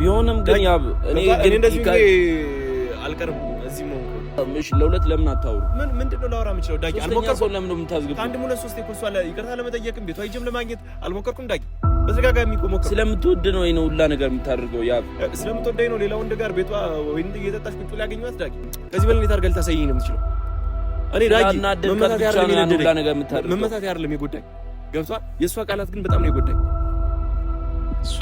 ቢሆንም ግን ያብ እኔ አልቀርም እዚህ ነው። እሺ ለሁለት ለምን አታውሩ? ምን ምንድን ነው ላወራ የምችለው? አልሞከርኩም። ለምን ነው አንድ ሶስት ለመጠየቅም ቤቷ ለማግኘት አልሞከርኩም። ዳጊ በተደጋጋሚ እኮ ስለምትወድ ነው ይሄን ሁላ ነገር የምታደርገው። ያ ስለምትወደኝ ነው ሌላ ወንድ ጋር ቤቷ ወይን እየጠጣች ቁጭ ላይ ያገኘኋት። ዳጊ ከዚህ በላይ እንዴት አድርገህ ነው የምትችለው? እኔ ዳጊ መመታት መመታት ያርለም የጎዳኝ ገብቷል። የእሷ ቃላት ግን በጣም ነው የጎዳኝ።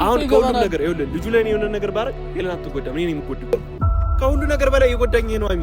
አሁን ከሁሉም ነገር ይኸውልህ፣ ልጁ ላይ የሆነ ነገር ባረግ ሄለን አትጎዳም፣ እኔ ነው የምጎዳው። ከሁሉ ነገር በላይ የጎዳኝ ይሄ ነው አሚ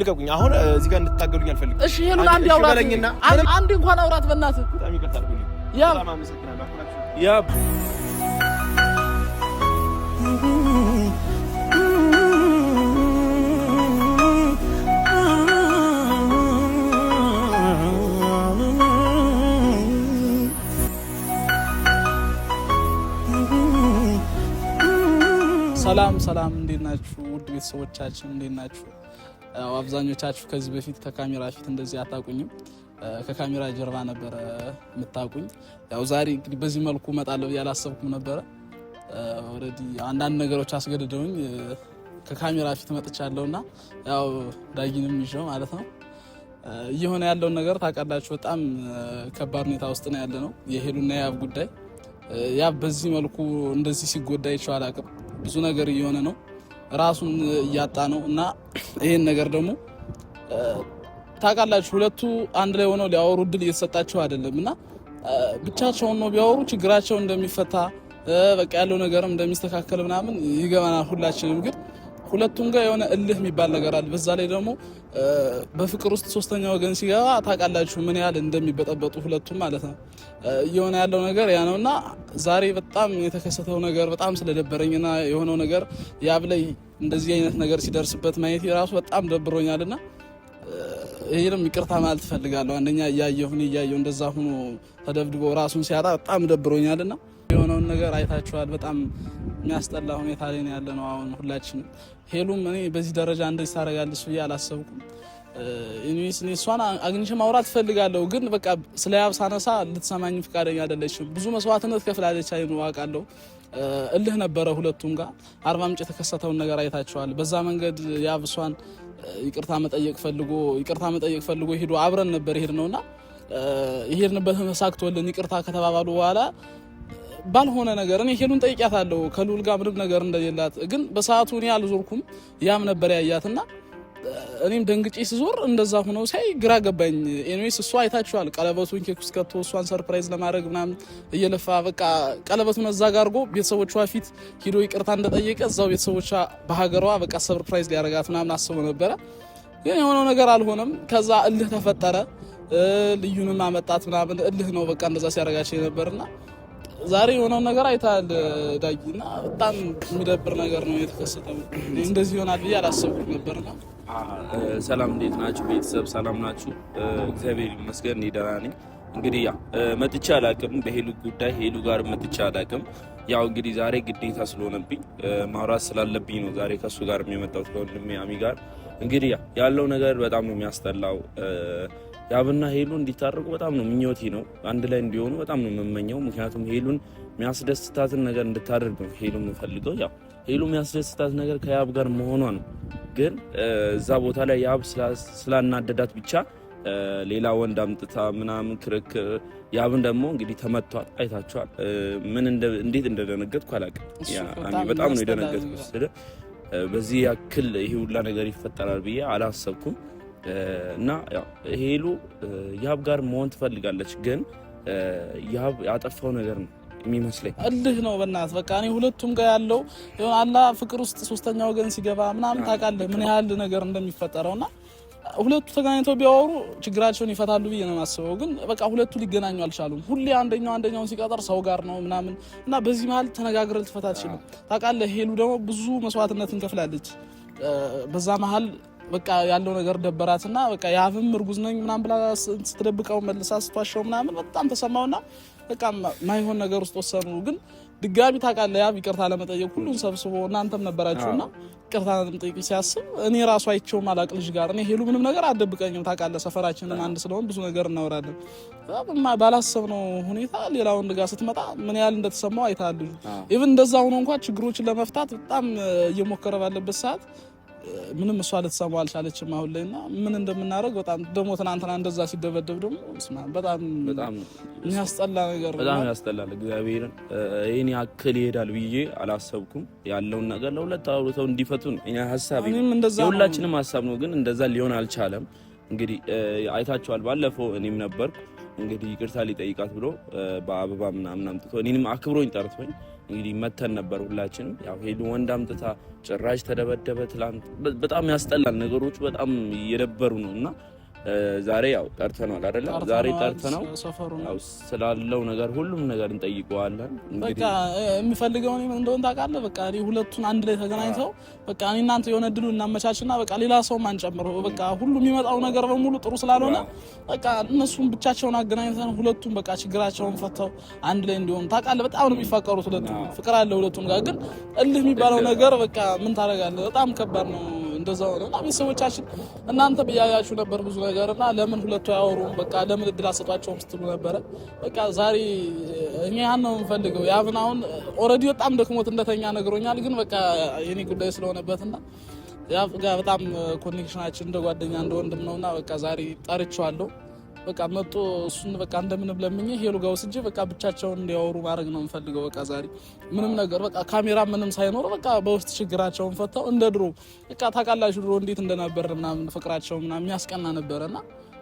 ልቀቁኝ ልቀቁኝ! አሁን እዚህ ጋር እንድታገሉኝ አልፈልግም። እሺ ይሄንን አንድ ያውራት አንድ እንኳን አውራት፣ በእናትህ በጣም ይቅርታ አድርጉልኝ። ያ ሰላም ሰላም፣ እንዴት ናችሁ ውድ ቤተሰቦቻችን? እንዴት ናችሁ? አብዛኞቻችሁ ከዚህ በፊት ከካሜራ ፊት እንደዚህ አታቁኝም፣ ከካሜራ ጀርባ ነበረ የምታቁኝ። ያው ዛሬ እንግዲህ በዚህ መልኩ እመጣለሁ ያላሰብኩም አላሰብኩም ነበረ። ኦልሬዲ አንዳንድ ነገሮች አስገድደውኝ ከካሜራ ፊት መጥቻለሁ እና ያው ዳጊንም ይዤው ማለት ነው እየሆነ ያለውን ነገር ታውቃላችሁ። በጣም ከባድ ሁኔታ ውስጥ ነው ያለ ነው የሄሉና የያብ ጉዳይ። ያብ በዚህ መልኩ እንደዚህ ሲጎዳ ይችዋል አቅም ብዙ ነገር እየሆነ ነው፣ ራሱን እያጣ ነው እና ይሄን ነገር ደግሞ ታውቃላችሁ፣ ሁለቱ አንድ ላይ ሆነው ሊያወሩ እድል እየተሰጣቸው አይደለም እና ብቻቸውን ነው ቢያወሩ ችግራቸው እንደሚፈታ በቃ ያለው ነገርም እንደሚስተካከል ምናምን ይገባናል ሁላችንም ግን ሁለቱም ጋር የሆነ እልህ የሚባል ነገር አለ። በዛ ላይ ደግሞ በፍቅር ውስጥ ሶስተኛ ወገን ሲገባ ታውቃላችሁ ምን ያህል እንደሚበጠበጡ ሁለቱም ማለት ነው። እየሆነ ያለው ነገር ያ ነው እና ዛሬ በጣም የተከሰተው ነገር በጣም ስለደበረኝና የሆነው ነገር ያብ ላይ እንደዚህ አይነት ነገር ሲደርስበት ማየት የራሱ በጣም ደብሮኛል እና ይህንም ይቅርታ ማለት እፈልጋለሁ። አንደኛ እያየሁን እያየሁ እንደዛ ሆኖ ተደብድቦ ራሱን ሲያጣ በጣም ደብሮኛል እና የሆነውን ነገር አይታችኋል። በጣም የሚያስጠላ ሁኔታ ላይ ያለ ነው አሁን ሁላችን። ሄሉም እኔ በዚህ ደረጃ እንደዚህ ታደርጋለች ብዬ አላሰብኩም። እሷን አግኝቼ ማውራት እፈልጋለሁ፣ ግን በቃ ስለ ያብ ሳነሳ ልትሰማኝ ፈቃደኛ አይደለችም። ብዙ መስዋዕትነት ከፍላለች አይዋቃለሁ እልህ ነበረ ሁለቱም ጋር አርባ ምንጭ የተከሰተውን ነገር አይታችኋል። በዛ መንገድ ያብ እሷን ይቅርታ መጠየቅ ፈልጎ ይቅርታ መጠየቅ ፈልጎ ሄዶ አብረን ነበር ይሄድ ነውና የሄድንበት ተሳክቶልን ይቅርታ ከተባባሉ በኋላ ባልሆነ ነገር እኔ ሄሉን ጠይቂያታለሁ ከልዑል ጋር ምንም ነገር እንደሌላት ግን በሰዓቱ እኔ አልዞርኩም። ያም ነበር ያያትና እኔም ደንግጬ ስዞር እንደዛ ሆነው ሳይ ግራ ገባኝ። ኤኒዌይስ እሱ አይታችኋል፣ ቀለበቱን ኬክ ውስጥ ከቶ እሷን ሰርፕራይዝ ለማድረግ ምናምን እየለፋ በቃ ቀለበቱን እዛ ጋር አድርጎ ቤተሰቦቿ ፊት ሂዶ ይቅርታ እንደጠየቀ እዛው ቤተሰቦቿ በሀገሯ በቃ ሰርፕራይዝ ሊያደርጋት ምናምን አስቦ ነበረ። ግን የሆነው ነገር አልሆነም። ከዛ እልህ ተፈጠረ። ልዩንም አመጣት ምናምን እልህ ነው በቃ እንደዛ ሲያደርጋቸው የነበርና ዛሬ የሆነው ነገር አይተሃል ዳጊ፣ እና በጣም የሚደብር ነገር ነው የተከሰተው። እንደዚህ ይሆናል ብዬ አላሰብኩም ነበርና። ሰላም እንዴት ናችሁ ቤተሰብ? ሰላም ናችሁ? እግዚአብሔር ይመስገን እኔ ደህና ነኝ። እንግዲህ ያ መጥቼ አላቅም፣ በሄሉ ጉዳይ ሄሉ ጋር መጥቼ አላቅም። ያው እንግዲህ ዛሬ ግዴታ ስለሆነብኝ ማውራት ስላለብኝ ነው ዛሬ ከእሱ ጋር የሚመጣው ከወንድሜ አሚ ጋር። እንግዲህ ያ ያለው ነገር በጣም ነው የሚያስጠላው ያብና ሄሉ እንዲታረቁ በጣም ነው ምኞቴ ነው። አንድ ላይ እንዲሆኑ በጣም ነው የምመኘው። ምክንያቱም ሄሉን የሚያስደስታትን ነገር እንድታደርግ ነው ሄሉ የምፈልገው። ያው ሄሉ የሚያስደስታት ነገር ከያብ ጋር መሆኗ ነው። ግን እዛ ቦታ ላይ ያብ ስላናደዳት ብቻ ሌላ ወንድ አምጥታ ምናምን ክርክር። ያብን ደግሞ እንግዲህ ተመቷል፣ አይታችኋል። ምን እንዴት እንደደነገጥኩ አላውቅም። በጣም ነው የደነገጥኩ በዚህ ያክል ይሄ ሁላ ነገር ይፈጠራል ብዬ አላሰብኩም። እና ሄሉ ያብ ጋር መሆን ትፈልጋለች፣ ግን ያብ ያጠፋው ነገር ነው የሚመስለኝ እልህ ነው። በእናትህ በቃ እኔ ሁለቱም ጋር ያለው አላ ፍቅር ውስጥ ሶስተኛ ወገን ሲገባ ምናምን ታውቃለህ ምን ያህል ነገር እንደሚፈጠረው እና ሁለቱ ተገናኝተው ቢያወሩ ችግራቸውን ይፈታሉ ብዬ ነው የማስበው። ግን በቃ ሁለቱ ሊገናኙ አልቻሉም። ሁሌ አንደኛው አንደኛውን ሲቀጠር ሰው ጋር ነው ምናምን እና በዚህ መሀል ተነጋግረል ልትፈታ ትችልም። ታውቃለህ ሄሉ ደግሞ ብዙ መስዋዕትነት እንከፍላለች በዛ መሀል በቃ ያለው ነገር ደበራትና በቃ የአፍም እርጉዝ ነኝ ምናም ብላ ስትደብቀው መልሳ ስትዋሸው ምናምን በጣም ተሰማውና በቃ ማይሆን ነገር ውስጥ ወሰኑ። ግን ድጋሚ ታውቃለህ ያብ ይቅርታ ለመጠየቅ ሁሉን ሰብስቦ እናንተም ነበራችሁና ይቅርታ ለመጠየቅ ሲያስብ እኔ ራሱ አይቼውም አላቅ ልጅ ጋር እኔ ሄሉ ምንም ነገር አደብቀኝም ታውቃለህ። ሰፈራችንም አንድ ስለሆን ብዙ ነገር እናወራለን። ባላሰብነው ሁኔታ ሌላ ወንድ ጋር ስትመጣ ምን ያህል እንደተሰማው አይታል ኢቭን እንደዛ ሆኖ እንኳ ችግሮችን ለመፍታት በጣም እየሞከረ ባለበት ሰዓት ምንም እሷ ልትሰማ አልቻለችም አሁን ላይ እና ምን እንደምናደርግ በጣም ደግሞ ትናንትና እንደዛ ሲደበደብ ደግሞ በጣም ነገር በጣም ያስጠላል። እግዚአብሔርን ይህን ያክል ይሄዳል ብዬ አላሰብኩም። ያለውን ነገር ለሁለት አውርተው እንዲፈቱ ሀሳብ የሁላችንም ሀሳብ ነው፣ ግን እንደዛ ሊሆን አልቻለም። እንግዲህ አይታችኋል። ባለፈው እኔም ነበርኩ እንግዲህ ይቅርታ ሊጠይቃት ብሎ በአበባ ምናምን አምጥቶ እኔንም አክብሮኝ ጠርቶኝ እንግዲህ መተን ነበር ሁላችንም። ያው ሄዱ ወንድ አምጥታ ጭራሽ ተደበደበ ትላንት። በጣም ያስጠላል ነገሮቹ በጣም እየደበሩ ነው እና ዛሬ ያው ጠርተነዋል አይደለ? ዛሬ ጠርተነው ስላለው ነገር ሁሉም ነገር እንጠይቀዋለን። በቃ የሚፈልገው እንደሆን ታውቃለህ። በቃ ሁለቱን አንድ ላይ ተገናኝተው በቃ እኔ እናንተ የሆነ ድሉ እናመቻችና በቃ ሌላ ሰውም አንጨምረው። በቃ ሁሉም የሚመጣው ነገር በሙሉ ጥሩ ስላልሆነ በቃ እነሱም ብቻቸውን አገናኝተን ሁለቱም በቃ ችግራቸውን ፈተው አንድ ላይ እንዲሆኑ ታውቃለህ። በጣም ነው የሚፋቀሩት ሁለቱ፣ ፍቅር አለ ሁለቱም ጋር። ግን እልህ የሚባለው ነገር በቃ ምን ታደርጋለህ? በጣም ከባድ ነው። እንደዛ ሆነ እና ቤተሰቦቻችን እናንተ ብያያችሁ ነበር ብዙ ነገር እና ለምን ሁለቱ አያወሩም በቃ ለምን እድል አሰጧቸውም ስትሉ ነበረ። በቃ ዛሬ እኔ ያን ነው የምንፈልገው። ያብን አሁን ኦልሬዲ በጣም ደክሞት እንደተኛ ነግሮኛል። ግን በቃ የኔ ጉዳይ ስለሆነበት እና ያ በጣም ኮኔክሽናችን እንደ ጓደኛ እንደ ወንድም ነውና በቃ ዛሬ ጠርቼዋለሁ። በቃ መጥቶ እሱን በቃ እንደምን ብለምኝ ሄሉ ጋር ወስጄ በቃ ብቻቸውን እንዲያወሩ ማድረግ ነው የምፈልገው። በቃ ዛሬ ምንም ነገር በቃ ካሜራ ምንም ሳይኖር በቃ በውስጥ ችግራቸውን ፈተው እንደ ድሮ በቃ ታውቃላችሁ ድሮ እንዴት እንደነበር ምናምን ፍቅራቸው ምናምን የሚያስቀና ነበረና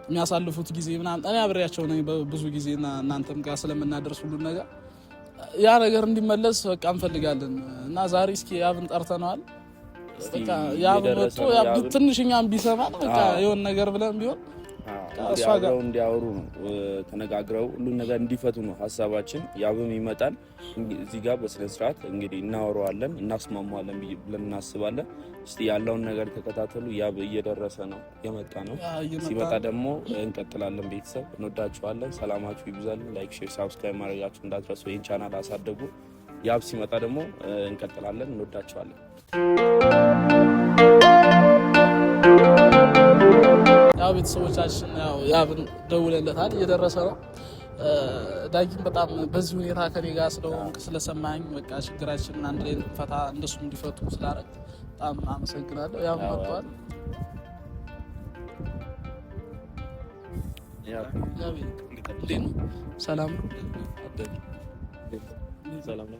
የሚያሳልፉት ጊዜ ምናምን እኔ አብሬያቸው ነኝ ብዙ ጊዜ እናንተም ጋር ስለምናደርስ ሁሉን ነገር ያ ነገር እንዲመለስ በቃ እንፈልጋለን እና ዛሬ እስኪ ያብን ጠርተነዋል። ያብ መጥቶ ትንሽ እኛም ቢሰማን በቃ የሆን ነገር ብለን ቢሆን አብረው እንዲያወሩ ነው ተነጋግረው ሁሉን ነገር እንዲፈቱ ነው ሀሳባችን። ያብም ይመጣል እዚህ ጋር በስነ ስርዓት እንግዲህ እናወረዋለን፣ እናስማማዋለን ብለን እናስባለን። እስቲ ያለውን ነገር ተከታተሉ። ያብ እየደረሰ ነው የመጣ ነው። ሲመጣ ደግሞ እንቀጥላለን። ቤተሰብ እንወዳችኋለን። ሰላማችሁ ይብዛል። ላይክ፣ ሼር፣ ሳብስክራይብ ማድረጋችሁ እንዳትረሱ። ይህን ቻናል አሳደጉ። ያብ ሲመጣ ደግሞ እንቀጥላለን። እንወዳችኋለን። ቤተሰቦቻችን ያብን ደውለለታል፣ እየደረሰ ነው። ዳጊም በጣም በዚህ ሁኔታ ከኔ ጋር ስለሆንክ ስለሰማኝ በቃ ችግራችንን አንድ ላይ ፈታ እንደሱ እንዲፈቱ ስላረግ በጣም አመሰግናለሁ። ያብ መጥተዋል። ሰላም ነው።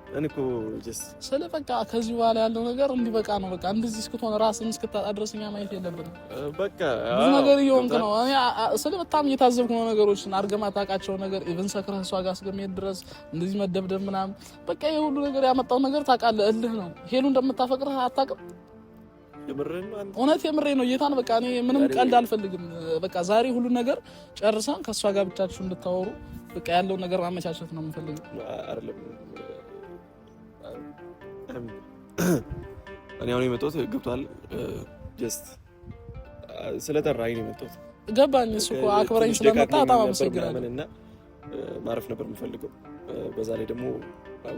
እንኮ ስለ በቃ ከዚህ በኋላ ያለው ነገር እንዲበቃ ነው። በቃ እንደዚህ እስክትሆን ራስን እስክታጣ ድረስ እኛ ማየት የለብንም። በቃ ብዙ ነገር እየሆንክ ነው። ስለ በጣም እየታዘብክ ነው ነገሮችን አድርገህ ማታውቃቸው ነገር ኢቭን ሰክረህ እሷ ጋር እስከሚሄድ ድረስ እንደዚህ መደብደብ ምናምን በቃ የሁሉ ነገር ያመጣው ነገር ታውቃለህ። እልህ ነው። ሄሉ እንደምታፈቅርህ አታውቅም። እውነት የምሬ ነው። እየታን በቃ እኔ ምንም ቀልድ አልፈልግም። በቃ ዛሬ ሁሉ ነገር ጨርሰን ከእሷ ጋር ብቻችሁ እንድታወሩ በቃ ያለውን ነገር ማመቻቸት ነው የምፈልገው። እኔ አሁን የመጣሁት ገብቷል። ጀስት ስለጠራኸኝ ነው የመጣሁት። ገባኝ። እሱ እኮ አክብረኝ ስለመጣ በጣም አመሰግናለሁ። እና ማረፍ ነበር የምፈልገው። በዛ ላይ ደግሞ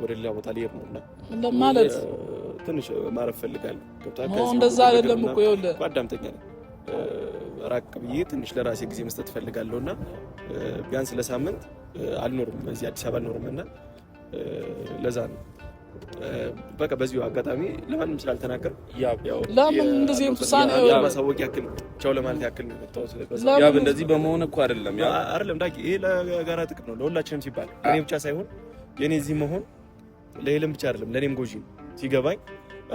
ወደ ሌላ ቦታ ልሄድ ነው እና ማለት ትንሽ ማረፍ ፈልጋለሁ። ገብቶሃል? እንደዛ አይደለም እኮ ይኸውልህ፣ አዳምጠኛ ነው ራቅ ብዬ ትንሽ ለራሴ ጊዜ መስጠት እፈልጋለሁ እና ቢያንስ ለሳምንት አልኖርም፣ እዚህ አዲስ አበባ አልኖርም እና ለዛ ነው በቃ በዚሁ አጋጣሚ ለማንም ስላልተናገር ለምን እንደዚህ ውሳኔ ማሳወቅ ያክል ቻው ለማለት ያክል ነው የመጣሁት። ያብ እንደዚህ በመሆን እኮ አይደለም አይደለም ዳ ይሄ ለጋራ ጥቅም ነው ለሁላችንም ሲባል እኔ ብቻ ሳይሆን የእኔ እዚህ መሆን ለሄለም ብቻ አይደለም ለእኔም ጎጂ ሲገባኝ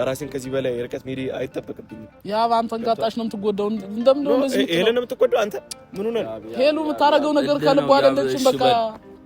ራሴን ከዚህ በላይ ርቀት መሄድ አይጠበቅብኝም። ያ አንተ እንጋጣሽ ነው የምትጎዳው። እንደምን ነው ሄለን የምትጎዳው አንተ ምን ሆነ ሄሉ የምታደርገው ነገር ከልቧ አይደለችም በቃ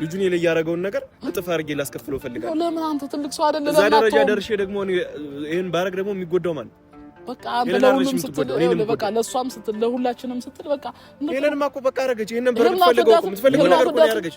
ልጁን የለ ያደረገውን ነገር እጥፍ አድርጌ ላስከፍለው ፈልጋለሁ። ለምን አንተ ትልቅ ሰው አይደለም? እዛ ደረጃ ደርሼ ደግሞ ይሄን ባረግ ደግሞ የሚጎዳው ማለት በቃ ለሁሉም ስትል በቃ ለእሷም ስትል ለሁላችንም ስትል በቃ ሄለንማ እኮ በቃ አደረገች። ይሄንን ብር የምትፈልገው ነገር እኮ ነው ያደረገች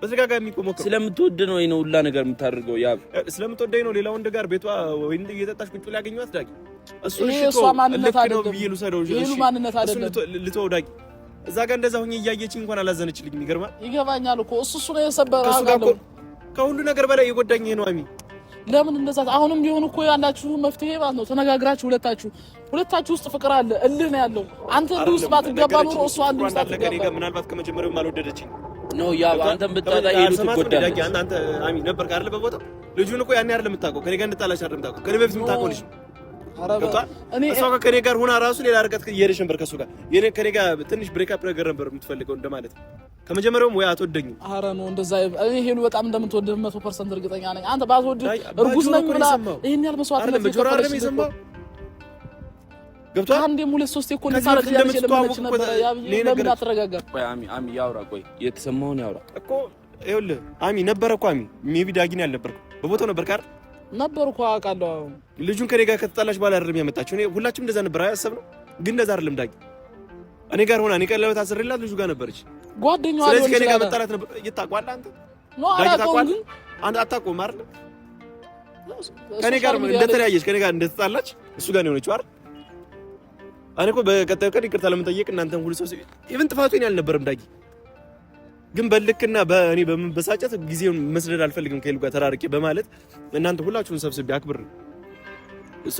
በተደጋጋሚ እኮ ሞክረው። ስለምትወድ ነው ይሄን ሁላ ነገር የምታደርገው። ያ ስለምትወደኝ ነው። ሌላ ወንድ ጋር ቤቷ ወይን እየጠጣሽ ቁጭ ብላ ያገኘኋት ዳጊ፣ እሱ እሷ ማንነት አይደለም ብዬ ልውሰደው። እሱ ማንነት አይደለም ልተው ዳጊ እዛ ጋር እንደዛ ሁኜ እያየችኝ እንኳን አላዘነችልኝም። ይገርማል። ይገባኛል እኮ እሱ እሱ ነው የሰበረው። ከሁሉ ነገር በላይ የጎዳኝ ነው አሚ። ለምን እንደዛ አሁንም ቢሆን እኮ ያላችሁ መፍትሄ ባት ነው ተነጋግራችሁ፣ ሁለታችሁ ሁለታችሁ ውስጥ ፍቅር አለ፣ እልህ ነው ያለው። አንተ እንዲህ ውስጥ ባትገባ ኖሮ እሱ አንድ ውስጥ አትገባ። ምናልባት ከመጀመሪያው አልወደደችኝ ነው ያ አንተም ብታጣ ይሉ ትጎዳለህ። አንተ አሚ ነበር አይደል? በቦታው ልጁን እኮ ያኔ አይደል የምታውቀው፣ ከኔ ጋር እንድጣላሽ አይደል የምታውቀው፣ ከኔ በፊት የምታውቀው ልጅ እሷ ጋር ከኔ ጋር ሆና ራሱ ሌላ ርቀት እየሄደች ነበር ከእሱ ጋር። ከኔ ጋር ትንሽ ብሬክአፕ ነገር ነበር የምትፈልገው እንደማለት ከመጀመሪያውም ወይ አትወደኝም። ኧረ ነው እንደዛ። እኔ ሄሉ በጣም እንደምትወድህ መቶ ፐርሰንት እርግጠኛ ነኝ። አንተ ባትወድ እርጉዝ ነኝ ብላ ይሄን ያህል መስዋዕት ነው ገብቷል። አንዴም ሁለት ሶስት እኮ ነው ሳረጥ ያለሽ ለምንድን ነበር ለምን አትረጋጋም? ቆይ አሚ አሚ ያውራ ቆይ የተሰማውን ያውራ እኮ ይኸውልህ አሚ ነበረ እኮ አሚ ሜቢ ዳጊን ያልነበርኩ በቦታው ነበር ካር ነበር እኮ አውቃለሁ። ልጁን ከኔ ጋር ከተጣላሽ በኋላ አይደለም ያመጣችው። እኔ ሁላችሁም እንደዛ ነበር አያሰብነው፣ ግን እንደዛ አይደለም ዳጊ እኔ ጋር ሆና እኔ ቀለበት አስሬላት ልጁ ጋር ነበረች ጓደኛዋ። ስለዚህ ከኔ ጋር መጣላት ነበር። ይታቋል አንተ ኖ አላቆም ግን አንተ አታቆም አይደል? ከኔ ጋር እንደተለያየች ከኔ ጋር እንደተጣላች እሱ ጋር ነው የሆነችው አይደል እኔ እኮ በቀጣዩ ቀን ይቅርታ ለመጠየቅ እናንተም ሁሉ ሰው ኢቭን ጥፋቱን አልነበረም ዳጊ ግን በልክና በእኔ በመበሳጨት ጊዜውን መስደድ አልፈልግም ከሄሉ ጋር ተራርቄ በማለት እናንተ ሁላችሁን ሰብስቤ አክብር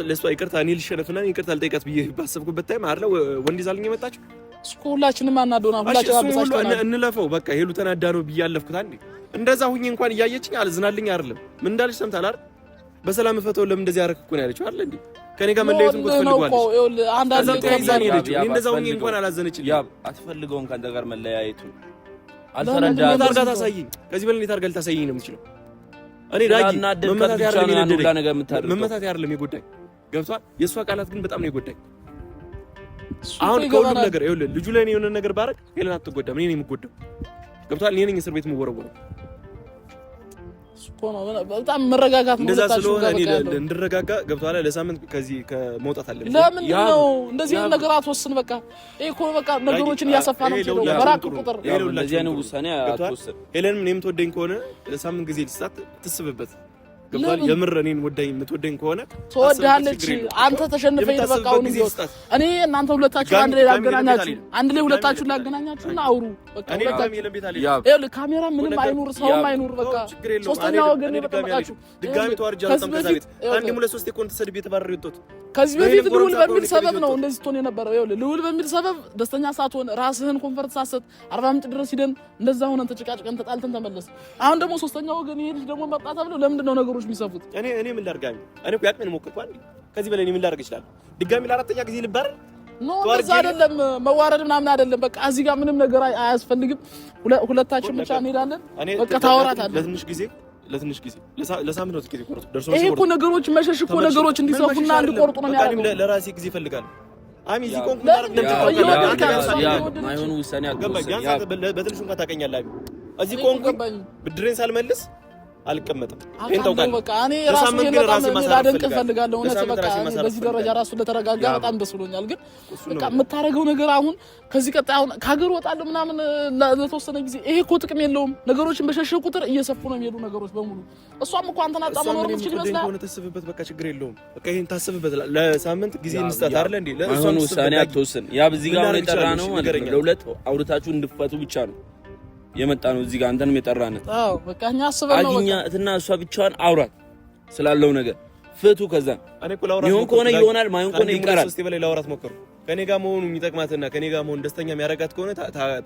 ለእሷ ይቅርታ እኔ ልሸነፍና ይቅርታ ልጠይቃት ብዬ ባሰብኩበት ታይም አለ ወንድ ይዛልኝ የመጣችው እስኮ ሁላችንም አናዶና ሁላችን እንለፈው በቃ ሄሉ ተናዳ ነው ብዬ ያለፍኩት አንዴ እንደዛ ሁኝ እንኳን እያየችኝ አልዝናልኝ አይደለም ምን እንዳልሽ ሰምታል አይደል በሰላም መፈተው ለምን እንደዚህ አደረክ እኮ ነው ያለችው አይደል እንዴ? ከኔ ጋር መለየት እንኳን ትፈልጓለች። አንዳንድ ነገር ይዛን ሄደች። እኔ እንደዛው እንኳን አላዘነችልኝ። ያ አትፈልገውም ከአንተ ጋር መለያየቱ አልተረዳህም። ታርጋ ታሳይኝ፣ ከዚህ በላይ ታርጋ ልታሳይኝ ነው የምችለው? እኔ ዳጊ መመታት ያርልም ይነደደ መመታት ያርልም የጎዳኝ ገብቷል። የእሷ ቃላት ግን በጣም ነው የጎዳኝ። አሁን ከሁሉም ነገር ይኸውልህ፣ ልጁ ላይ የሆነ ነገር ባረግ ሄለን አትጎዳም፣ እኔ ነኝ የምጎዳው። ገብቷል። እኔ ነኝ እስር ቤት የምወረወረው በጣም መረጋጋት እንደዛ ስለሆነ እኔ እንድረጋጋ ገብቶሃል። ለሳምንት ከዚህ ከመውጣት አለብኝ። ለምንድን ነው እንደዚህ አይነት ነገር አትወስን። በቃ ይሄ እኮ በቃ ነገሮችን እያሰፋ ነው። በራቅ ቁጥር እንደዚህ አይነት ውሳኔ አትወስን። ሄለንም እኔ የምትወደኝ ከሆነ ለሳምንት ጊዜ ልስጣት፣ ትስብበት ገባል የምር እኔን ወዳኝ የምትወደኝ ከሆነ ትወዳለች። አንተ ተሸንፈ ይበቃውን ነው። እኔ እናንተ ሁለታችሁ አንድ ላይ ላገናኛችሁ፣ አንድ ላይ ሁለታችሁ ላገናኛችሁና አውሩ። በቃ ሁለታችሁ ካሜራ ምንም አይኑር፣ ሰውም አይኑር። በቃ ሶስተኛ ወገን ነው። በቃ ድጋሚ ተዋርጃለሁ። አንድ ሁለት ሶስት የኮንተሰድ ቤት ባረር ይወጡት ከዚህ በፊት ልውል በሚል ሰበብ ነው እንደዚህ ስትሆን የነበረው። ይኸውልህ ልውል በሚል ሰበብ ደስተኛ ሳትሆን ራስህን ኮንፈርት ሳሰጥ አርባ ምንጭ ድረስ ሂደን እንደዛ ሆነን ተጨቃጭቀን ተጣልተን ተመለስ። አሁን ደግሞ ሶስተኛ ወገን ይሄ ልጅ ደግሞ መጣ ተብሎ ለምንድን ነው ነገሮች የሚሰፉት? እኔ እኔ ምን ላርጋኝ? እኔ እኮ ያቅሜን ሞክርኳል። ከዚህ በላይ ምን ላርግ ይችላል? ድጋሚ ለአራተኛ ጊዜ ልባረር ኖ እንደዛ አይደለም። መዋረድ ምናምን አይደለም። በቃ እዚህ ጋር ምንም ነገር አያስፈልግም። ሁለታችን ብቻ እንሄዳለን። በቃ ታወራታለህ ለትንሽ ጊዜ ለትንሽ ጊዜ ለሳምንት ጊዜ ቆርጡ። ደርሶ ይሄ እኮ ነገሮች መሸሽ እኮ ነገሮች እንዲሰፉና እንዲቆርጡ ነው የሚያደርገው። ለራሴ ጊዜ ይፈልጋል። አሚ እዚህ ቆንኩ ማለት ነው። በትንሹ እንኳን ታውቀኛለህ። አሚ እዚህ ቆንኩ ብድሬን ሳልመልስ አልቀመጥም። ይሄን ታውቃለህ። በቃ እኔ ራሴን በጣም ላደንቅ እፈልጋለሁ። እውነት በቃ በዚህ ደረጃ ራሱ ለተረጋጋ በጣም ደስ ብሎኛል። ግን በቃ የምታደርገው ነገር አሁን ከዚህ ቀጣይ አሁን ከሀገር እወጣለሁ ምናምን ለተወሰነ ጊዜ ይሄ እኮ ጥቅም የለውም። ነገሮችን በሸሸ ቁጥር እየሰፉ ነው የሚሄዱ ነገሮች በሙሉ። እሷም እኮ አንተን አጣ መኖር ምችል ይመስላል። ታስብበት፣ በቃ ችግር የለውም። በቃ ይሄን ታስብበት። ለሳምንት ጊዜ እንስጣት አይደለ እንዴ? ለእሷ ውሳኔ አትወስን። ያ በዚህ ጋር የጠራ ነው ማለት ነው። ለሁለት አውርታችሁ እንድፈቱ ብቻ ነው የመጣ ነው እዚህ ጋር አንተንም የጠራን እትና እሷ ብቻዋን አውራት ስላለው ነገር ፍቱ። ከዛ ይሆን ከሆነ ይሆናል፣ ማይሆን ከሆነ ይቀራል። ከኔ ጋር መሆኑ የሚጠቅማትና ከኔ ጋር መሆን ደስተኛ የሚያረጋት ከሆነ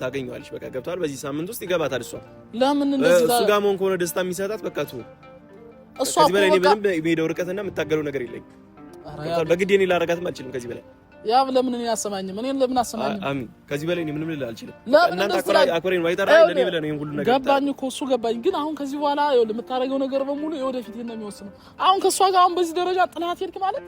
ታገኘዋለች። በቃ ገብቷል። በዚህ ሳምንት ውስጥ ይገባታል። እሷ ለምን እንደዚህ እሱ ጋር መሆን ከሆነ ደስታ የሚሰጣት በቃ ትሁን። እሷ ከዚህ በላይ እኔ ምንም የምሄደው ርቀትና የምታገለው ነገር የለኝም። በግድ እኔ ላደርጋትም አልችልም ከዚህ በላይ ያብ ለምን እኔን አሰማኝም? እኔን ለምን አሰማኝም? አሚን። ከዚህ በላይ እኔ ምንም ልል አልችልም። እናንተ አኮሬን ባይጠራ ለኔ ብለህ ነው ይሄን ሁሉ ነገር ገባኝ እኮ እሱ ገባኝ። ግን አሁን ከዚህ በኋላ ይኸውልህ የምታደርገው ነገር በሙሉ የወደፊት ነው የሚወስነው። አሁን ከእሷ ጋር አሁን በዚህ ደረጃ ጥናት ሄድክ ማለት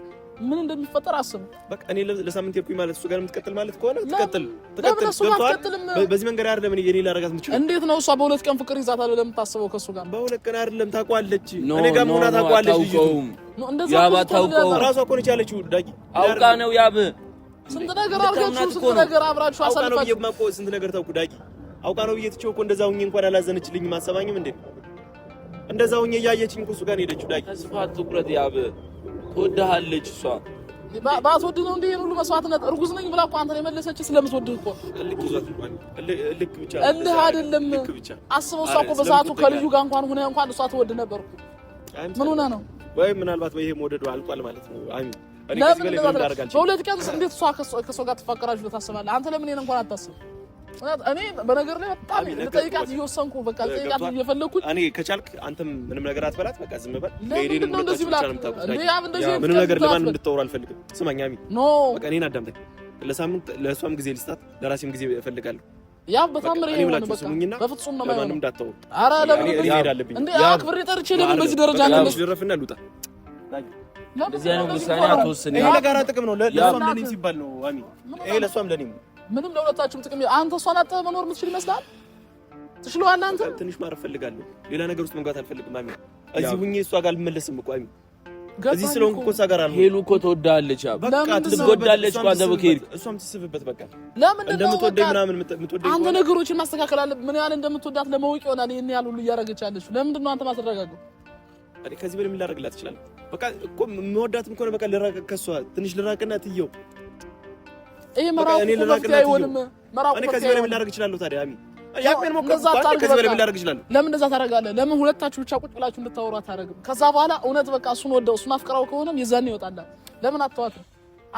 ምን እንደሚፈጠር አስብ። በቃ እኔ ለሳምንት የቁኝ ማለት እሱ ጋር የምትቀጥል ማለት ከሆነ ትቀጥል ትቀጥል። በዚህ መንገድ አይደለም እኔ የኔ ላደርጋት የምችለው። እንዴት ነው እሷ በሁለት ቀን ፍቅር ይዛታል ለምታስበው የምታስበው ከእሱ ጋር? በሁለት ቀን አይደለም ታውቀዋለች። እኔ ጋር መሆኗ ታውቀዋለች ልጅቱ ያብ አታውቀው። እራሷ እኮ ነች ያለችው። ዳጊ አውቃ ነው ያብ ስንት ነገር አድርጋችሁ ስንት ነገር አብራችሁ አሳልፋችሁ ስንት ነገር ታውቁ። ዳጊ አውቃ ነው ብዬሽ እኮ እንደዛ ሁኜ እንኳን አላዘነችልኝም። አሰማኝም እንዴ እንደዛ ሁኜ እያየችኝ እኮ ጋር ነው ዳጊ ስፋት ትኩረት ያብ ትወድሃለች እሷ ባትወድ ነው እንደ ሁሉ መስዋዕትነት እርጉዝ ነኝ ብላ እኮ አንተን የመለሰች ስለምትወድህ እኮ እንዲህ አይደለም። አስበው እሷ እኮ በሰዓቱ ከልዩ ጋር እንኳን ሁነህ እንኳን እሷ ትወድ ነበር። ምን ሆነህ ነው? ወይም ምናልባት ይሄ መውደዱ አልቋል ማለት ነው። አሚን በሁለት ቀን እንዴት እሷ ከእሷ ጋር ትፋቀራለች ታስባለህ? አንተ ለምን ይሄን እንኳን አታስብ? እኔ በነገር ላይ በጣም ልጠይቃት እየወሰንኩ በቃ ልጠይቃት እየፈለግኩኝ እኔ ከቻልክ አንተም ምንም ነገር አትበላት፣ በቃ ዝም በል። እንደዚህ ብላት ምንም ነገር ለማንም እንድታወሩ አልፈልግም። ስማኝ አሚ ኖ በቃ እኔን አዳምጠኝ። ለሳምንት ለእሷም ጊዜ ልስጣት፣ ለራሴም ጊዜ እፈልጋለሁ ያ በታምር ይሄ ነው። በቃ በፍጹም ነው ማይሆን እንዳታው። ኧረ ለምን እንዴ አክብሬ ጠርቼ ለምን በዚህ ደረጃ ነው እንደዚህ ልውጣ? ይሄ ለጋራ ጥቅም ነው፣ ለኔም ሲባል ነው። አሚ ይሄ ለኔም ምንም ለሁለታችሁም ጥቅም። አንተ እሷን አጥተህ መኖር የምትችል ይመስላል? ትችለዋለህ አንተ። ትንሽ ማረፍ ፈልጋለሁ። ሌላ ነገር ውስጥ መግባት አልፈልግም። አሚ እዚህ ሁኜ እሷ ጋር አልመለስም እኮ አሚ እዚህ ስለሆንኩ እኮ እሷ ጋር አለ። ሄሉ እኮ ትወዳለች፣ ትጎዳለች እኮ አንተ በከሄድክ እሷም ትስብበት። በቃ እንደምትወደኝ ምናምን የምትወደኝ አንተ ነገሮችን ማስተካከል አለ። ምን ያህል እንደምትወዳት ለማወቅ ይሆናል ይህን ያህል ሁሉ እያደረገች ያለችው። ለምንድን ነው አንተ ማትረጋገው? ከዚህ በላይ ምን ላደርግላት እችላለሁ? በቃ እኮ የምወዳትም ከሆነ በቃ ልራቅ፣ ከእሷ ትንሽ ልራቅና ትየው። ይህ መራቁ መፍትሄ አይሆንም። መራቁ መፍትሄ አይሆንም። ከዚህ በላይ ምን ላደርግ እችላለሁ ታዲያ አሚን ያቅሜን ሞከረ ከዚህ በላይ ምን ለምን እንደዛ ታደርጋለህ? ለምን ሁለታችሁ ብቻ ቁጭ ብላችሁ እንድታወሩ አታደርግም? ከዛ በኋላ እውነት በቃ እሱን ወደው እሱን አፍቅራው ከሆነም የዛኔ ይወጣላል። ለምን አተዋትም?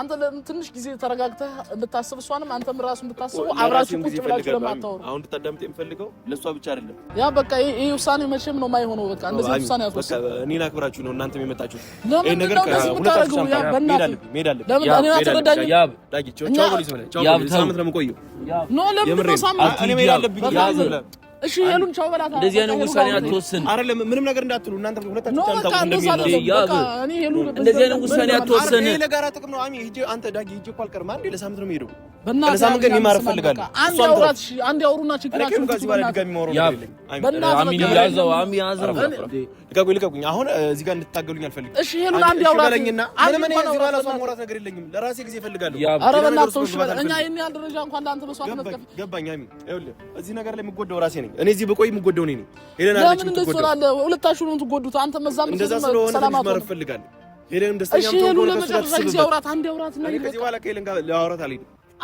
አንተ ትንሽ ጊዜ ተረጋግተህ እንድታስብ እሷንም አንተም ራሱ እንድታስቡ አብራችሁ ቁጭ ብላችሁ ለማታወሩ አሁን እንድታዳምጥ የምፈልገው ለእሷ ብቻ አይደለም። ያ በቃ ይህ ውሳኔ መቼም ነው የማይሆነው። በቃ እንደዚህ ውሳኔ ያቶስ እኔን አክብራችሁ ነው እናንተም የመጣችሁት። ለምን እንደዚህ ብታደርገው? ያ ለምን ያ ዳጊ እሺ ያሉን ቻው በላታ። እንደዚህ አይነት ውሳኔ አትወስን። አይደለም ምንም ነገር እንዳትሉ እናንተ ሁለታችሁ ቻው እንደዚህ አይነት ውሳኔ አትወስን። እኔ ነገር አጥቅም ነው አሚ ሂጂ አንተ ዳጊ ሂጂ እኮ አልቀርም አንዴ ለሳምንት ነው የምሄደው። ለሳምንት ግን የማረፍ እፈልጋለሁ። አንድ አውራት አንድ አውሩና ችግራችሁ ጋር ጋር የሚወሩ ነው። አሚ ያዘው አሚ ያዘው ልቀቁኝ፣ ልቀቁኝ። አሁን እዚህ ጋር እንድታገሉኝ አልፈልግም። እሺ ሄሉን አንድ ያውራኝና ምንም እኔ እዚህ ጋር ራሱ ማውራት ነገር የለኝም። ለራሴ ጊዜ እፈልጋለሁ። ኧረ በእናትህ እሺ እኛ ይሄን ያህል ደረጃ እንኳን ለአንተ መስዋዕት መጥቀፍ ገባኝ። አሚ ይኸውልህ፣ እዚህ ነገር ላይ የምጎዳው ራሴ ነኝ። እኔ እዚህ ብቆይ የምጎዳው እኔ ነኝ። ሄለን አለች የምትጎዳው ሁለታችሁ ነው ትጎዱት። አንተ መዛም እንደዛ ስለሆነ ማረፍ እፈልጋለሁ። ሄለንም ደስተኛ ምትሆን አንድ ነው።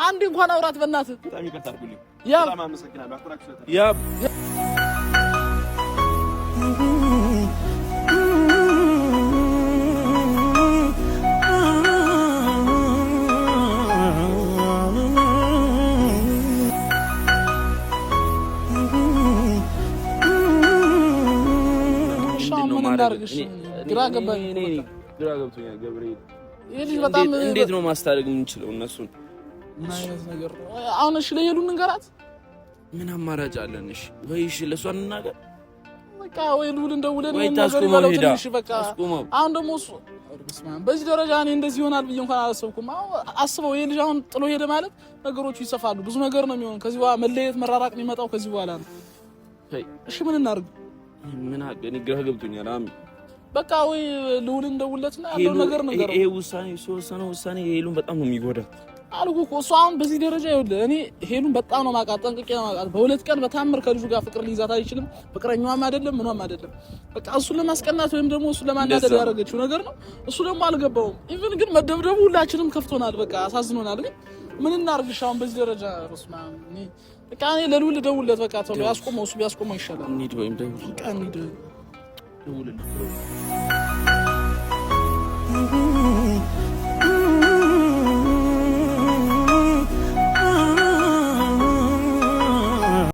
አንድ እንኳን አውራት በእናትህ። በጣም ይቅርታ አድርጉልኝ። ያ በጣም አመሰግናለሁ። ያ እንዴት ነው ማስታረግ የምንችለው እነሱን? አሁን እሺ ለሄሉ ንገራት። ምን አማራጭ አለን? እሺ ወይ እሺ ለእሷ እንናገር በቃ ወይ ልውል እንደውለን ወይ ታስቆመው ሄዳ እሺ በቃ አሁን ደግሞ እሱ በዚህ ደረጃ እኔ እንደዚህ ይሆናል ብዬ እንኳን አላሰብኩም። አስበው ይሄ ልጅ አሁን ጥሎ ሄደ ማለት ነገሮቹ ይሰፋሉ። ብዙ ነገር ነው የሚሆን። ከዚህ በኋላ መለየት መራራቅ የሚመጣው ከዚህ በኋላ ነው። እሺ ምን እናርግ? ምን አቅ እኔ ግራ ገብቶኛል። አሚ በቃ ወይ እንደውለት እንደውለትና ያለው ነገር ነገር ይሄ ውሳኔ ሲወሰነው ውሳኔ ሄሉን በጣም ነው የሚጎዳት አልኩ እኮ እሷ አሁን በዚህ ደረጃ ይኸውልህ፣ እኔ ሄሉን በጣም ነው ማውቃት፣ ጠንቅቄ ነው ማውቃት። በሁለት ቀን በታምር ከልጁ ጋር ፍቅር ሊይዛት አይችልም። ፍቅረኛዋም አይደለም ምኗም አይደለም። በቃ እሱን ለማስቀናት ወይም ደግሞ እሱን ለማናደድ ያደረገችው ነገር ነው። እሱ ደግሞ አልገባውም። ኢቭን ግን መደብደቡ ሁላችንም ከፍቶናል፣ በቃ አሳዝኖናል። ግን ምን እናርግሽ አሁን በዚህ ደረጃ እኔ በቃ እኔ ለልውል ደውልለት። በቃ ተው ያስቆመው፣ እሱ ቢያስቆመው ይሻላል። እንሂድ ወይም ደውል፣ በቃ እንሂድ፣ ደውልለት